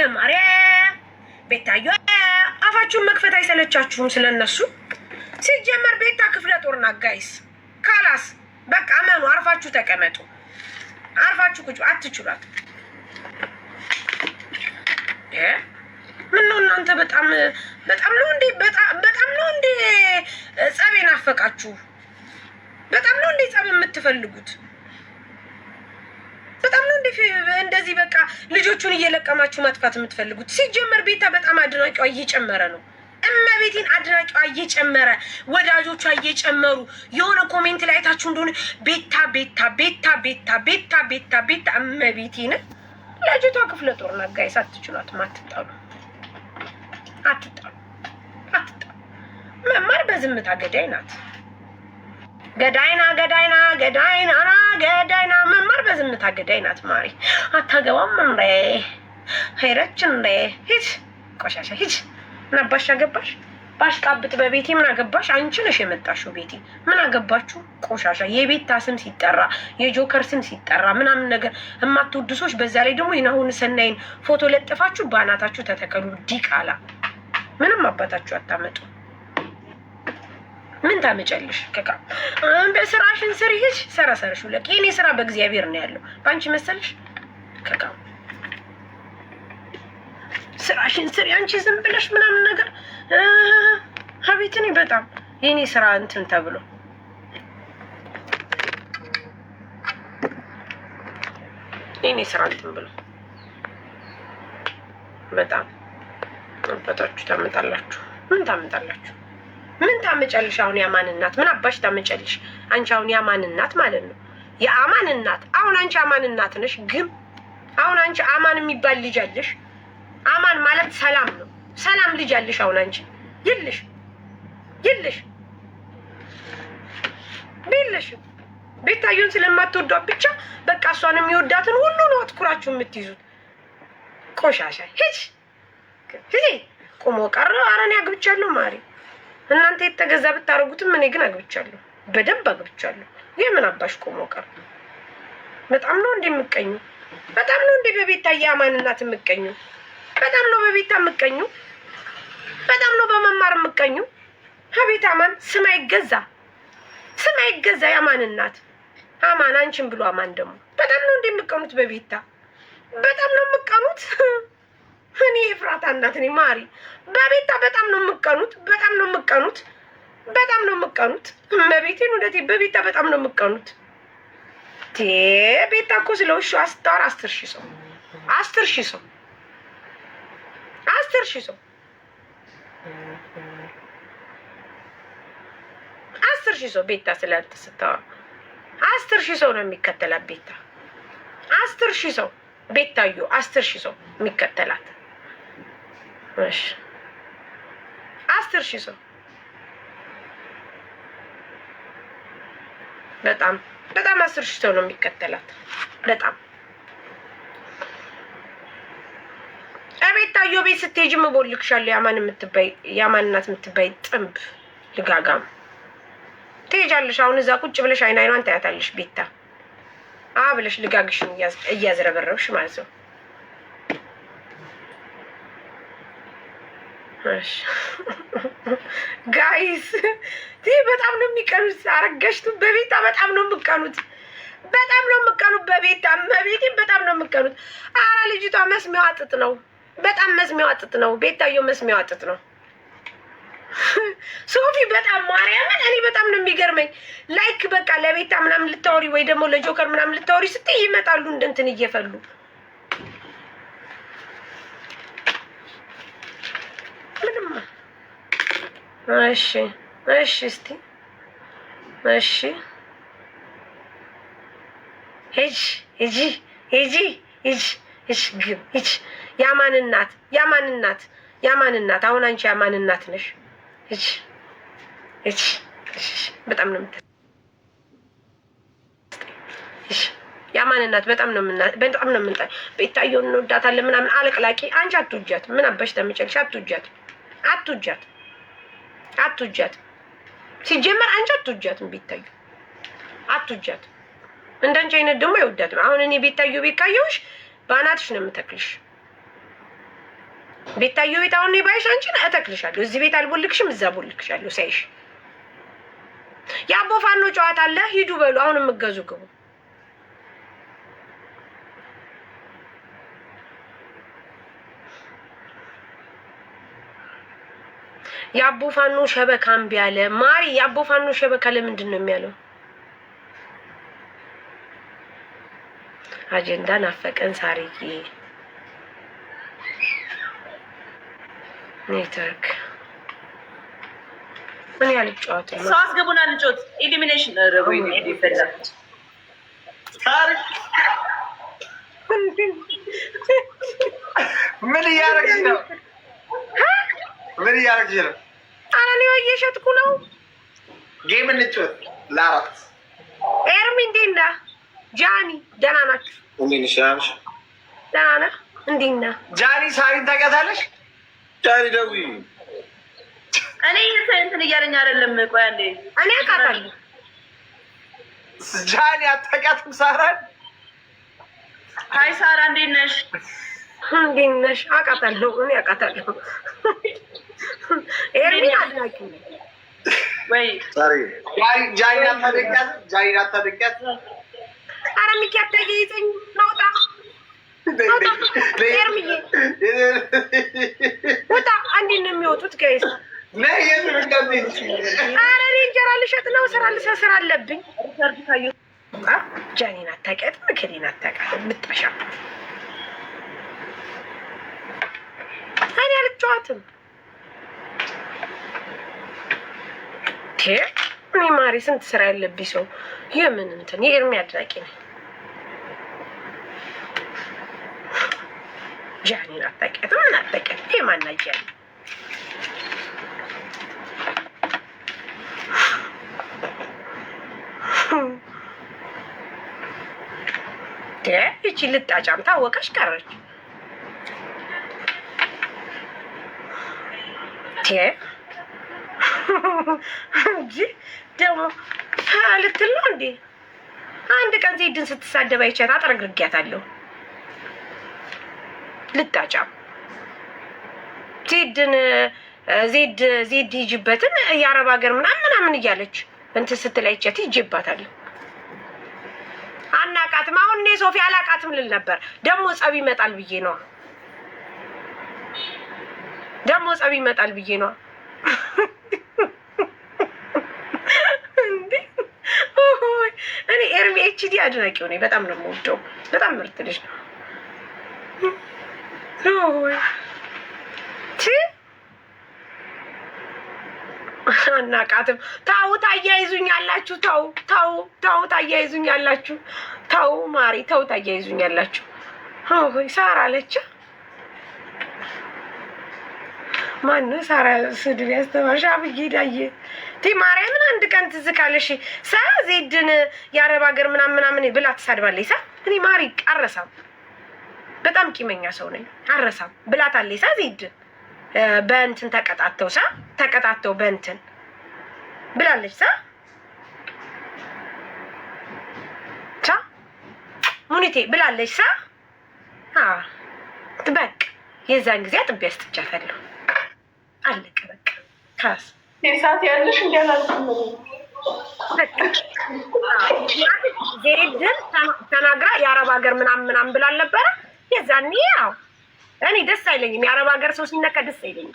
መማሪያ ቤታዮ አፋችሁን መክፈት አይሰለቻችሁም? ስለነሱ ሲጀመር ቤታ ክፍለ ጦርና ጋይስ። ካላስ በቃ መኑ አርፋችሁ ተቀመጡ። አርፋችሁ ቁጭ አትችሏት። ምነው እናንተ በጣም በጣም ነው እንዴ? በጣም ነው እንዴ ጸብ የናፈቃችሁ? በጣም ነው እንዴ ጸብ የምትፈልጉት? እንደ እንደዚህ በቃ ልጆቹን እየለቀማችሁ ማጥፋት የምትፈልጉት? ሲጀመር ቤታ በጣም አድናቂዋ እየጨመረ ነው። እመቤቴን አድናቂዋ እየጨመረ ወዳጆቿ እየጨመሩ የሆነ ኮሜንት ላይ አይታችሁ እንደሆነ ቤታ ቤታ ቤታ ቤታ ቤታ ቤታ ቤታ እመቤቴን ልጅቷ ክፍለ ጦር ናት። ጋይስ አትችሏትም። አትጣሉ፣ አትጣሉ፣ መማር በዝምታ ገዳይ ናት። ገዳይና ገዳይና ገዳይና ገዳይና መማር በዝምታ ገዳይናት ማሪ አታገባም እንዴ? ሄረች እንዴ? ሂድ ቆሻሻ ሂድ። ምን አባሽ አገባሽ? ባሽቃብጥ በቤቴ ምን አገባሽ? አንቺ ነሽ የመጣሽው ቤቴ። ምን አገባችሁ? ቆሻሻ የቤታ ስም ሲጠራ የጆከር ስም ሲጠራ ምናምን ነገር እማትወድሶች፣ በዛ ላይ ደግሞ ይናሁን ሰናይን ፎቶ ለጥፋችሁ በአናታችሁ ተተከሉ። ዲቃላ ምንም አባታችሁ አታመጡ። ምን ታመጫለሽ? ከቃ በስራሽን ስሪ ሂጅ። ሰራ ሰርሽ ሁለት የኔ ስራ በእግዚአብሔር ነው ያለው። በአንቺ መሰልሽ ከቃ ስራሽን ስሪ አንቺ ዝም ብለሽ ምናምን ነገር አቤት በጣም የኔ ስራ እንትን ተብሎ የኔ ስራ እንትን ብሎ በጣም አባታችሁ ታመጣላችሁ ምን ታመጣላችሁ? ምን ታመጫልሽ አሁን? የአማን እናት ምን አባሽ ታመጫልሽ አንቺ አሁን? የአማን እናት ማለት ነው የአማን እናት አሁን አንቺ አማን እናት ነሽ። ግን አሁን አንቺ አማን የሚባል ልጅ አለሽ። አማን ማለት ሰላም ነው። ሰላም ልጅ አለሽ አሁን አንቺ ይልሽ ይልሽ ቢልሽ ቤታዩን ስለማትወዷት ብቻ በቃ እሷን የሚወዳትን ሁሉ ነው አትኩራችሁ የምትይዙት። ቆሻሻ ሂጅ ሂጂ። ቁሞ ቀረ አረን ያግብቻለሁ ማሪ እናንተ የተገዛ ብታደርጉትም እኔ ግን አግብቻለሁ፣ በደንብ አግብቻለሁ። ይህ ምን አባሽ ቆሞ ቀር? በጣም ነው እንዴ የምቀኙ፣ በጣም ነው እንዴ በቤታ የአማን እናት የምቀኙ፣ በጣም ነው በቤታ የምቀኙ፣ በጣም ነው በመማር የምቀኙ። አቤት አማን ስም አይገዛ፣ ስም አይገዛ። የአማን እናት አማን አንቺን ብሎ አማን ደግሞ በጣም ነው እንዴ የምቀኑት በቤታ በጣም ነው የምቀኑት። እኔ የፍራታ እናት እኔ ማሪ በቤታ በጣም ነው የምቀኑት፣ በጣም ነው የምቀኑት፣ በጣም ነው የምቀኑት። እመቤቴን ወደቴ በቤታ በጣም ነው የምቀኑት። ቤታ እኮ ስለ ውሹ አስተዋር አስር ሺህ ሰው አስር ሺህ ሰው አስር ሺህ ሰው አስር ሺህ ሰው ቤታ ስላንተ አስር ሺህ ሰው ነው የሚከተላት ቤታ አስር ሺህ ሰው ቤታዩ አስር ሺህ ሰው የሚከተላት እሺ አስር ሺህ ሰው በጣም በጣም አስር ሺህ ሰው ነው የሚከተላት። በጣም እቤታዮ ቤት ስትሄጂ እቦልክሻለሁ ያማን የምትባይ ያማን እናት የምትባይ ጥንብ ልጋጋም ትሄጃለሽ። አሁን እዛ ቁጭ ብለሽ አይን አይኗን ታያታለሽ። ቤታ አ ልጋግሽን እያዝረበረብሽ ማለት ነው። ጋይስ ይህ በጣም ነው የሚቀኑት። አረገሽቱን በቤታ በጣም ነው የምቀኑት። በጣም ነው የምቀኑት። በቤታ መቤቴን በጣም ነው የምቀኑት። አረ ልጅቷ መስሚያዋ ጥጥ ነው። በጣም መስሚያዋ ጥጥ ነው። ቤታየው መስሚያዋ ጥጥ ነው። ሶፊ በጣም ማርያምን፣ እኔ በጣም ነው የሚገርመኝ። ላይክ በቃ ለቤታ ምናምን ልታወሪ ወይ ደግሞ ለጆከር ምናምን ልታወሪ ስትይ ይመጣሉ እንደ እየፈሉ እሺ እሺ እስቲ እሺ ሂጂ ሂጂ ሂጂ ሂጂ ሂጂ ግብ ሂጂ። ያማን እናት ያማን እናት ያማን እናት አሁን አንቺ ያማን እናት ነሽ። ሂጂ ሂጂ በጣም ነው የምታ ያማን እናት በጣም ነው ምና በጣም ነው ምንጣ ቤታየውን እንወዳታለን ምናምን አለቅላቂ አንቺ አትውጃት። ምን አባሽ ተመጨልሽ? አትውጃት አትውጃት አትውጃትም። ሲጀመር አንቺ አትውጃትም። ቢታዩ አትውጃትም። እንዳንቺ አይነት ደግሞ አይወዳትም። አሁን እኔ ቢታዩ ቤት ካየሁሽ በአናትሽ ነው የምተክልሽ። ቤታዩ ቤት አሁን ባይሽ አንቺን እተክልሻለሁ። እዚህ ቤት አልቦልክሽም፣ እዛ ቦልክሻለሁ ሳይሽ። የአቦፋኖ ጨዋታ አለ። ሂዱ በሉ አሁን የምገዙ ግቡ የአቦ ፋኖ ሸበካ እምቢ አለ። ማሪ የአቦ ፋኖ ሸበካ ለምንድን ነው የሚያለው? አጀንዳ ናፈቀን ሳሪዬ ኔትወርክ ምን ያህል ጨዋታ ሰው አስገቡና ልጆት ኢሊሚኔሽን ምን እያደረግሽ ነው? ምን እያደረግሽ ነው? አረኔዋ እየሸጥኩ ነው። ጌም እንጫወት ለአራት ኤርሚ እንዴት ጃኒ ደህና ናችሁ? እንዴት ነሽ? ደህና ነህ? እንዴት ጃኒ ሳሪን ታውቂያታለሽ? ጃኒ ደዊ እኔ እንትን እያለኝ አይደለም። ቆይ አንዴ እኔ አውቃታለሁ። ጃኒ አታውቂያትም? ሳራን ሀይ፣ ሳራ እንዴት ነሽ? እንዴት ነሽ? አውቃታለሁ። እኔ አውቃታለሁ። ኤርሚን አድናቂ ኧረ ሚኪ አታያይዘኝ፣ ናውጣ ኤርሚዬ ውጣ። እንዴት ነው የሚወጡት? ጋይስ ኧረ እኔ እንጀራ ልሸጥ ነው፣ ስራ ልሰስር አለብኝ። ጃኒን አታውቂያትም፣ ምክሌን አታውቂያትም። ብታሻ እኔ አልጫወትም እኔ ማሪ ስንት ስራ ያለብኝ ሰው የምን እንትን የእርሜ አድናቂ ነኝ። ጃኒን አታውቂያትም? ምን አታውቂያትም? የማና ጃኒ ይቺ ልጣጫም ታወቀች ቀረች። እንጂ ደግሞ ልትል ነው እንዴ? አንድ ቀን ዜድን ስትሳደብ አይቻት አጥረግርጊያታለሁ። ልጣጫም ዜድን ዜድ ዜድ ሂጅበትን የአረብ ሀገር ምናምን ምናምን እያለች እንትን ስትል አይቻት ሂጅባታለሁ። አናቃትም። አሁን እኔ ሶፊ አላቃትም ልል ነበር። ደግሞ ጸብ ይመጣል ብዬ ነዋ። ደግሞ ጸብ ይመጣል ብዬ ነዋ። እኔ ኤርሚ ኤችዲ አድናቂው ነኝ። በጣም ነው የምወደው። በጣም ምርጥ ልጅ ነው። አናቃትም። ታው ታያይዙኝ ያላችሁ ታው ታው ታው ታያይዙኝ ያላችሁ ታው ማሪ ታው ታያይዙኝ ያላችሁ ሳራ አለች። ማን ሳራ ስድብ ያስተማርሽ አብጌዳዬ ቲ ማርያምን አንድ ቀን ትዝካለሽ ካለሽ ሳ ዜድን የአረብ ሀገር ምናምን ምናምን ብላ ትሳድባለች። ሳ እኔ ማሪ አረሳም በጣም ቂመኛ ሰው ነኝ አረሳም ብላታለች። ሳ ዜድን በእንትን ተቀጣተው ሳ ተቀጣተው በእንትን ብላለች። ሳ ሳ ሙኒቴ ብላለች። ሳ በቅ የዛን ጊዜ አጥቤ አስጥቻታለሁ። አለቀ በቃ ካስ ሰዓት ያለሽ ዜድን ተናግራ የአረብ ሀገር ምናምን ምናምን ብላ አልነበረ? የዛኒ ያው እኔ ደስ አይለኝም። የአረብ ሀገር ሰው ሲነካ ደስ አይለኝም።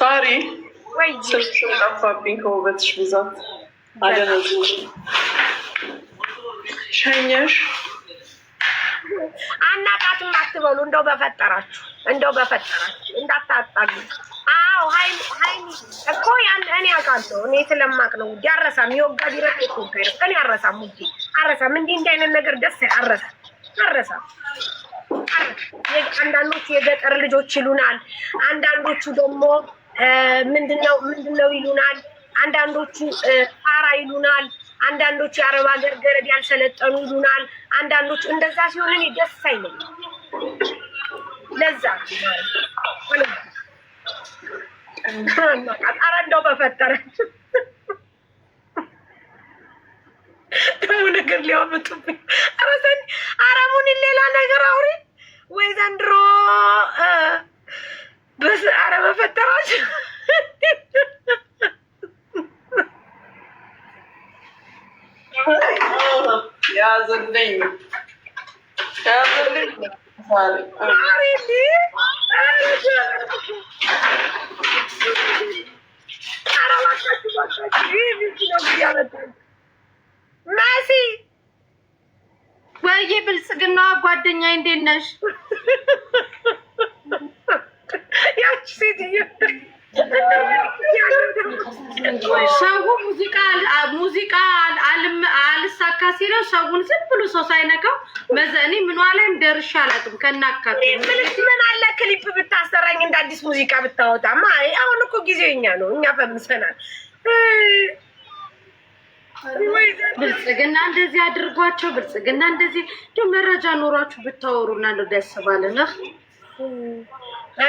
ሳሪ ስልክሽን ጠፋብኝ ከውበትሽ ብዛት አደነ ሸኘሽ አናቃትም አትበሉ። እንደው በፈጠራችሁ እንደው በፈጠራችሁ እንዳታጣሉ። አዎ ሀይሚ ሀይሚ እኮ ያን እኔ አውቃለሁ። እኔ ስለማቅ ነው ውዴ። አረሳም የወጋ እኮ ይቆገር እኔ አረሳም ውዴ፣ አረሳም። እንዲህ እንዲህ አይነት ነገር ደስ አረሳ አረሳ አንዳንዶቹ የገጠር ልጆች ይሉናል። አንዳንዶቹ ደግሞ ምንድነው ምንድነው ይሉናል። አንዳንዶቹ ፋራ ይሉናል። አንዳንዶች የአረብ ሀገር ገረድ ያልሰለጠኑ ይሉናል። አንዳንዶች እንደዛ ሲሆን እኔ ደስ አይለኝ። ለዛ ኧረ እንደው በፈጠረች ደግሞ ነገር ሊያመጡብኝ ኧረ አረሙን ሌላ ነገር አውሪ ወይ ዘንድሮ ኧረ በፈጠራችሁ ያዝልኝ ያዝልኝ መሲ ወይዬ ብልጽግና ጓደኛ እንዴት ነሽ? ያቺ ሴትዮ ሰው ሙዚቃ ሙዚቃ አልሳካ ሲለው ሰውን ዝም ብሎ ሰው ሳይነካው መዘኔ ምኗ ላይም ደርሼ አላውቅም። ከናካት ምን አለ ክሊፕ ብታሰራኝ እንደ አዲስ ሙዚቃ ብታወጣ። አሁን እኮ ጊዜው የኛ ነው፣ እኛ ፈምሰናል። ብልጽግና እንደዚህ አድርጓቸው፣ ብልጽግና እንደዚህ እንዲሁ መረጃ ኖሯችሁ ብታወሩና ደስ ባለነህ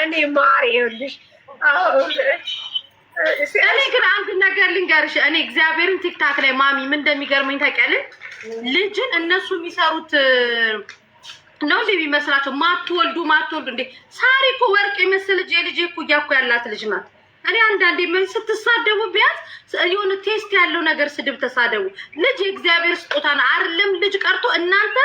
እኔ ማር ይኸውልሽ እኔ ግን አንድ ነገር ልንገርሽ፣ እኔ እግዚአብሔርን ቲክታክ ላይ ማሚ ምን እንደሚገርመኝ ታውቂያለሽ? ልጅን እነሱ የሚሰሩት ነው እንዴ የሚመስላቸው? ማትወልዱ ማትወልዱ እንዴ ሳሪ እኮ ወርቅ የመሰለ ልጅ የልጅ እኩያ እያኩ ያላት ልጅ ናት። እኔ አንዳንዴ ምን ስትሳደቡ ቢያንስ የሆነ ቴስት ያለው ነገር ስድብ ተሳደቡ። ልጅ የእግዚአብሔር ስጦታ ነው አይደለም? ልጅ ቀርቶ እናንተ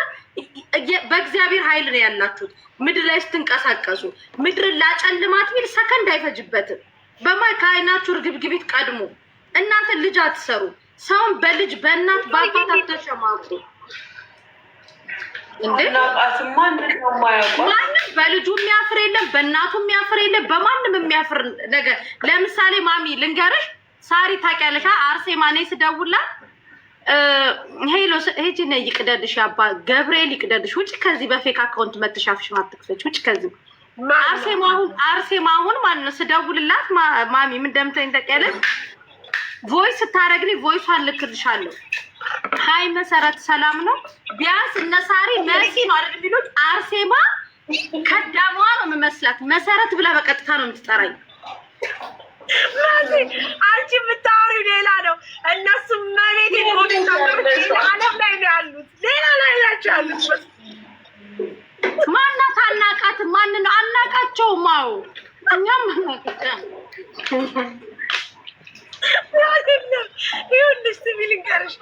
በእግዚአብሔር ኃይል ነው ያላችሁት። ምድር ላይ ስትንቀሳቀሱ ምድርን ላጨልማት ሚል ሰከንድ አይፈጅበትም። በማይ ከአይናችሁ እርግብግቢት ቀድሞ እናንተ ልጅ አትሰሩ። ሰውን በልጅ በእናት በአባት አትሸማቁ። ማንም በልጁ የሚያፍር የለም፣ በእናቱ የሚያፍር የለም፣ በማንም የሚያፍር ነገር። ለምሳሌ ማሚ ልንገርሽ፣ ሳሪ ታውቂያለሽ፣ አርሴ እኔ ስደውልላት ሄሎ ሄጂነ ይቅደድሽ፣ አባ ገብርኤል ይቅደድሽ። ውጭ ከዚህ በፌክ አካውንት መትሻፍሽ ማትክፈች ውጭ ከዚህ አርሴማሁን አርሴማሁን ማለት ነው። ስደውልላት ማሚ ምን እንደምትለኝ ታውቂያለሽ? ቮይስ ስታረግልኝ ቮይሷን ልክልሻለሁ። ሀይ መሰረት ሰላም ነው። ቢያንስ እነሳሪ መሲ ነው አይደል የሚሉት። አርሴማ ከዳማዋ ነው የምመስላት። መሰረት ብላ በቀጥታ ነው የምትጠራኝ። መሲ አንቺ የምታወሪው ሌላ ነው። እነሱ መቤት አለም ላይ ነው ያሉት፣ ሌላ ላይ ናቸው ያሉት። ማናት አናቃት? ማን ነው አናቃቸው? ማው እኛም ይሁንሽ ስሚ ልንገርሽ፣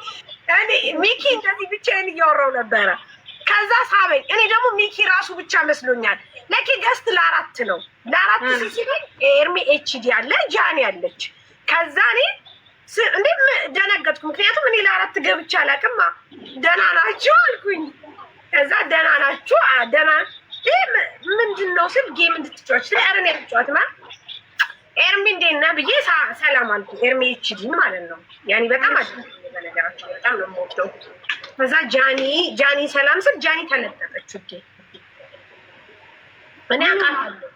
እኔ ሚኪ እንደዚህ ብቻዬን እያወራሁ ነበረ። ከዛ ሳበኝ። እኔ ደግሞ ሚኪ ራሱ ብቻ መስሎኛል። ለኪ ገስት ለአራት ነው ለአራት ሺህ ሲለኝ ኤርሜ ኤችዲ አለ ጃኒ አለች። ከዛ እኔ እንዴም ደነገጥኩ። ምክንያቱም እኔ ለአራት ገብቼ አላውቅም። ደህና ናችሁ አልኩኝ። ከዛ ደህና ናችሁ ደህና ምንድን ነው ስል ጌም እንድትጫወች ስለ ኤርሜ ያጫወት ማ ኤርሚ እንዴና ብዬ ሰላም አልኩ። ኤርሚ ኤችዲን ማለት ነው። ያኔ በጣም አ በጣም ነው የምወደው። ከዛ ጃኒ ጃኒ ሰላም ስል ጃኒ ተለጠጠች። እኔ አውቃለሁ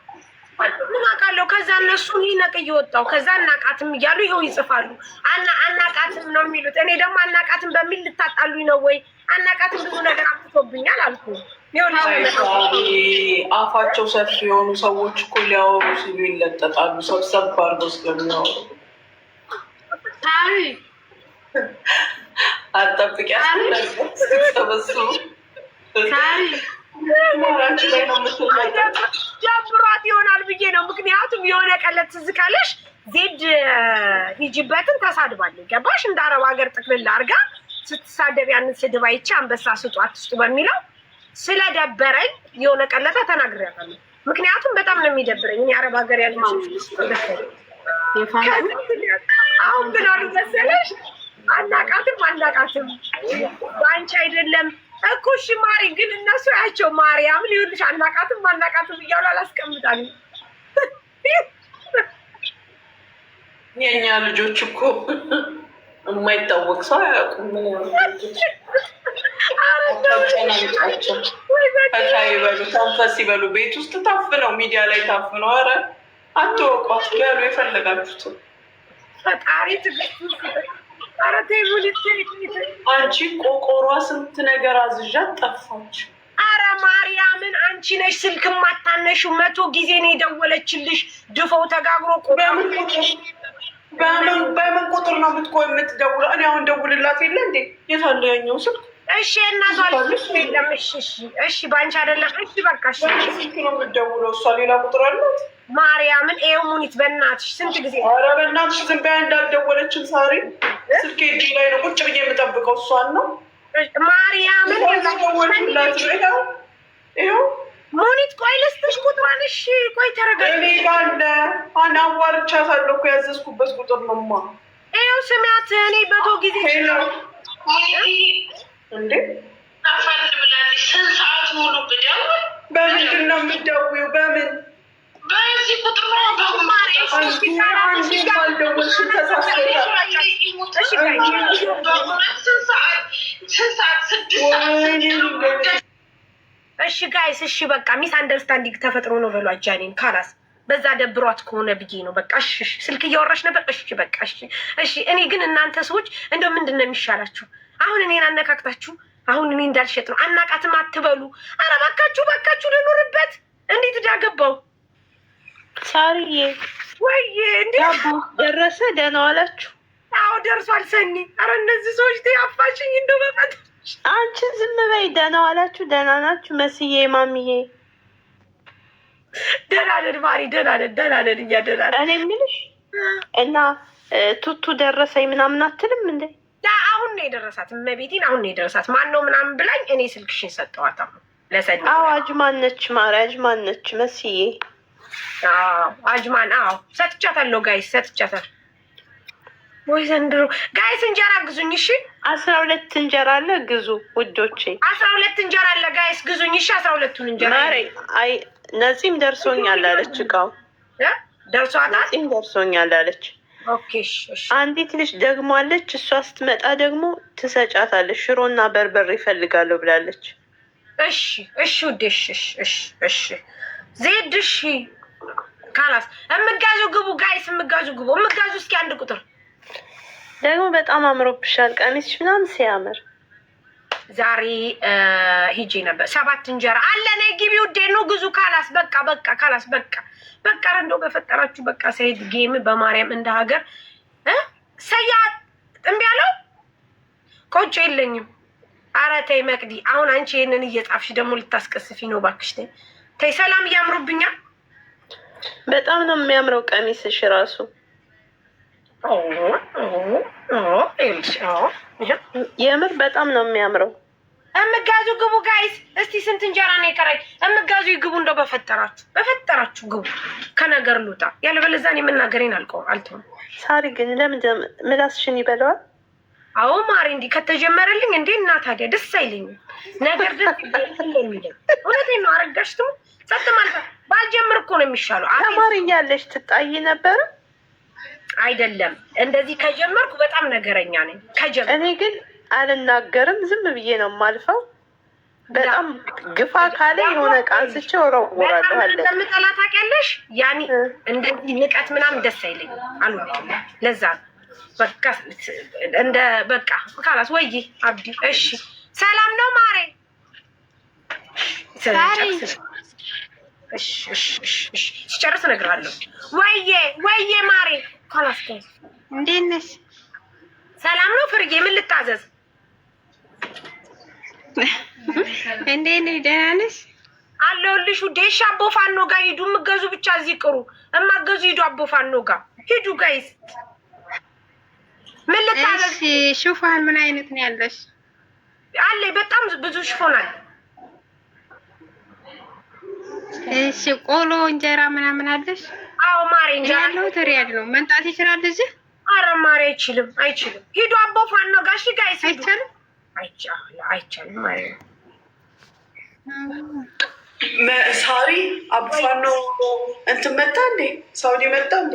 ምን አውቃለሁ። ከዛ እነሱ ይህ ነቅ እየወጣው ከዛ አናቃትም እያሉ ይኸው ይጽፋሉ። አና አናቃትም ነው የሚሉት። እኔ ደግሞ አናቃትም በሚል ልታጣሉኝ ነው ወይ? አናቃትም ብዙ ነገር አብቶብኛል አልኩ። አፋቸው ሰፊ የሆኑ ሰዎች እኮ ሊያወሩ ሲሉ ይለጠጣሉ። ሰብሰብ ባርጎ ስለሚያወሩ አጠብቂያ ሰበስቡ ላይ ነው ምትል ደፍሯት ይሆናል ብዬ ነው። ምክንያቱም የሆነ ቀለት ትዝ ዜድ ሂጂበትን ተሳድባለች። ገባሽ? እንደ አረብ ሀገር ጥቅልል አድርጋ ስትሳደብ ያንን ስድብ አይቼ አንበሳ ስጡ አትስጡ በሚለው ስለደበረኝ የሆነ ቀለጠ ተናግሬያታለሁ። ምክንያቱም በጣም ነው የሚደብረኝ እኔ አረብ ሀገር ያለ አሁን ብናሉ መሰለሽ አናቃትም አናቃትም በአንቺ አይደለም እኮ እሺ ማሪ፣ ግን እነሱ ያቸው ማርያም ሊሆንሽ አናቃትም አናቃትም እያሉ አላስቀምጣል። የእኛ ልጆች እኮ የማይታወቅ ሰው አያውቁም። ይበሉ ተንፈስ ይበሉ፣ ቤት ውስጥ ታፍ ነው፣ ሚዲያ ላይ ታፍ ነው። አረ አትወቋት ያሉ የፈለጋችሁትን ፈጣሪ ትግስት አንቺ ቆቆሯ ስንት ነገር አዝዣት ጠፋች። አረ ማርያምን አንቺ ነሽ ስልክ ማታነሹ። መቶ ጊዜ ነው የደወለችልሽ። ድፎው ተጋግሮ በምን ቁጥር ነው ምትኮ የምትደውለው? እኔ አሁን ደውልላት የለ እንዴ? የታለ ያኛው ስልክ? እሺ እናቷ የለም። እሺ በአንቺ አይደለም። እሺ በቃ ስልክ ነው የምትደውለው እሷ። ሌላ ቁጥር አላት ማርያምን። ኤው ሙኒት በእናትሽ ስንት ጊዜ ኧረ በእናትሽ ዝም በያ እንዳልደወለችን ሳሪ ስልክ እጅ ላይ ነው ቁጭ ብዬ የምጠብቀው እሷን ነው። ማርያምን ይኸው ሙኒት፣ ቆይ ልስጥሽ ቁጥሯን። እሺ ቆይ ተረጋጊ። እኔ ጋለ አናዋርቻታለሁ እኮ ያዘዝኩበት ቁጥር ነማ። ይኸው ስሚያት፣ እኔ በቶ ጊዜ እንዴ ብላለች። ስንት ሰዓት ሙሉ ብደውል በምንድን ነው የምትደውይው? በምን በዚህ ቁጥር እሺ ጋይስ፣ እሺ በቃ ሚስ አንደርስታንዲንግ ተፈጥሮ ነው በሏ። ጃኒን ካላስ በዛ ደብሯት ከሆነ ብዬ ነው በቃ። እሺ ስልክ ነበር። እሺ በቃ እሺ፣ እሺ። እኔ ግን እናንተ ሰዎች እንደው ምንድን ነው የሚሻላችሁ? አሁን እኔን አነካክታችሁ አሁን እኔ እንዳልሸጥ ነው አናቃትም አትበሉ። ኧረ እባካችሁ፣ እባካችሁ እባካችሁ እንዴት እዳገባው ሳርዬ ወይዬ እንዴት ደረሰ? ደህና ዋላችሁ? አዎ ደርሷል። ሰኒ አረ እነዚህ ሰዎች አፋሽኝ እንደው በፈትሽ። አንቺ ዝም በይ። ደህና ዋላችሁ? ደህና ናችሁ? መስዬ ማሚዬ ደህና ነን። ማሪ ደህና ነን፣ ደህና ነን፣ እኛ ደህና ነን። እኔ የምልሽ እና ቱቱ ደረሰኝ ምናምን አትልም እንዴ? አሁን ነው የደረሳት። እመቤቴን አሁን ነው የደረሳት። ማን ነው ምናምን ብላኝ እኔ ስልክሽን ሰጠዋት። አሁን ለሰኒ አዎ አጅማነች ማሪ አጅማነች መስዬ አጅማን አዎ ሰጥቻታለሁ። ጋይስ ሰጥቻታል። ወይ ዘንድሮ ጋይስ እንጀራ ግዙኝ። እሺ አስራ ሁለት እንጀራ አለ ግዙ ውዶቼ። አስራ ሁለት እንጀራ አለ ጋይስ ግዙኝ። እሺ አስራ ሁለቱን እንጀራ አይ ነፂም ደርሶኛል አለች። እቃው ደርሷታል። ደርሶኛል አለች። አንዲት ልጅ ደግሞ አለች። እሷ ስትመጣ ደግሞ ትሰጫታለች። ሽሮና በርበሬ ይፈልጋለሁ ብላለች። እሺ እሺ ውዴ እሺ እሺ እሺ ዜድ እሺ ካላስ እምጋዙ ግቡ፣ ጋይስ እምጋዙ ግቡ፣ እምጋዙ እስኪ አንድ ቁጥር ደግሞ በጣም አምሮብሻል ቀሚስሽ ምናምን ሲያምር። ዛሬ ሂጂ ነበር ሰባት እንጀራ አለ ነ ግቢ ውዴ ነው ግዙ። ካላስ በቃ በቃ ካላስ በቃ በቃ እንደው በፈጠራችሁ በቃ ሰይድ ጌም በማርያም እንደ ሀገር ሰያ እምቢ ያለው ቆጮ የለኝም። አረ ተይ መቅዲ፣ አሁን አንቺ ይህንን እየጻፍሽ ደግሞ ልታስቀስፊ ነው። እባክሽ ተይ ተይ። ሰላም እያምሩብኛል በጣም ነው የሚያምረው ቀሚስሽ ራሱ የምር በጣም ነው የሚያምረው። እምጋዙ ግቡ ጋይስ፣ እስቲ ስንት እንጀራ ነው የቀረኝ? እምጋዙ ይግቡ፣ እንደው በፈጠራችሁ በፈጠራችሁ ግቡ። ከነገር ልውጣ፣ ያለበለዚያ እኔ መናገሬን አልቀውም አልተውም። ሳሪ ግን ለምን ምላስሽን ይበለዋል? አዎ ማሪ እንዲህ ከተጀመረልኝ እንዴ እና ታዲያ ደስ አይለኝም። ነገር ደስ የሚለኝ እውነቴን ነው። አረጋሽቱ ጸጥ ማለት ባልጀምር እኮ ነው የሚሻለው። አማርኛ ያለሽ ትጣይ ነበረ አይደለም? እንደዚህ ከጀመርኩ በጣም ነገረኛ ነኝ። ከጀመር እኔ ግን አልናገርም፣ ዝም ብዬ ነው የማልፈው። በጣም ግፋ ካለ የሆነ ዕቃ አንስቼ እወረውራለሁ። ለምጠላ ታውቂያለሽ። ያኔ እንደዚህ ንቀት ምናምን ደስ አይለኝም አሉ። ለዛ ነው በቃ እንደ በቃ ካላስ ወይ አብዲ እሺ፣ ሰላም ነው ማሬ። ሲጨርስ እነግርሃለሁ። ወዬ ወዬ ማሬ ካላስ እንዴት ነሽ? ሰላም ነው ፍርዬ። ምን ልታዘዝ? እንዴት ነሽ? ደህና ነሽ? አለሁልሽ ውዴ። እሺ፣ አቦፋኖ ጋር ሂዱ። የምገዙ ብቻ እዚህ ቅሩ። እማገዙ ሂዱ። አቦፋኖ ጋር ሂዱ ጋይስ ምን ልታረግ? ሽፎን ምን አይነት ነው ያለሽ? አለ በጣም ብዙ ሽፎን አለ። እሺ ቆሎ፣ እንጀራ ምናምን አለሽ? አዎ ማሬ፣ እንጀራ ያለው ትሪ ያለው መምጣት ይችላል እዚህ? አረ ማሬ አይችልም፣ አይችልም። ሂዱ አቦ ፋኖ ጋሽ ጋይስ አይቻልም፣ አይቻልም ማሬ ሳሪ አቦ ፋኖ እንትን መጣ እንዴ? ሳውዲ መጣ እንዴ?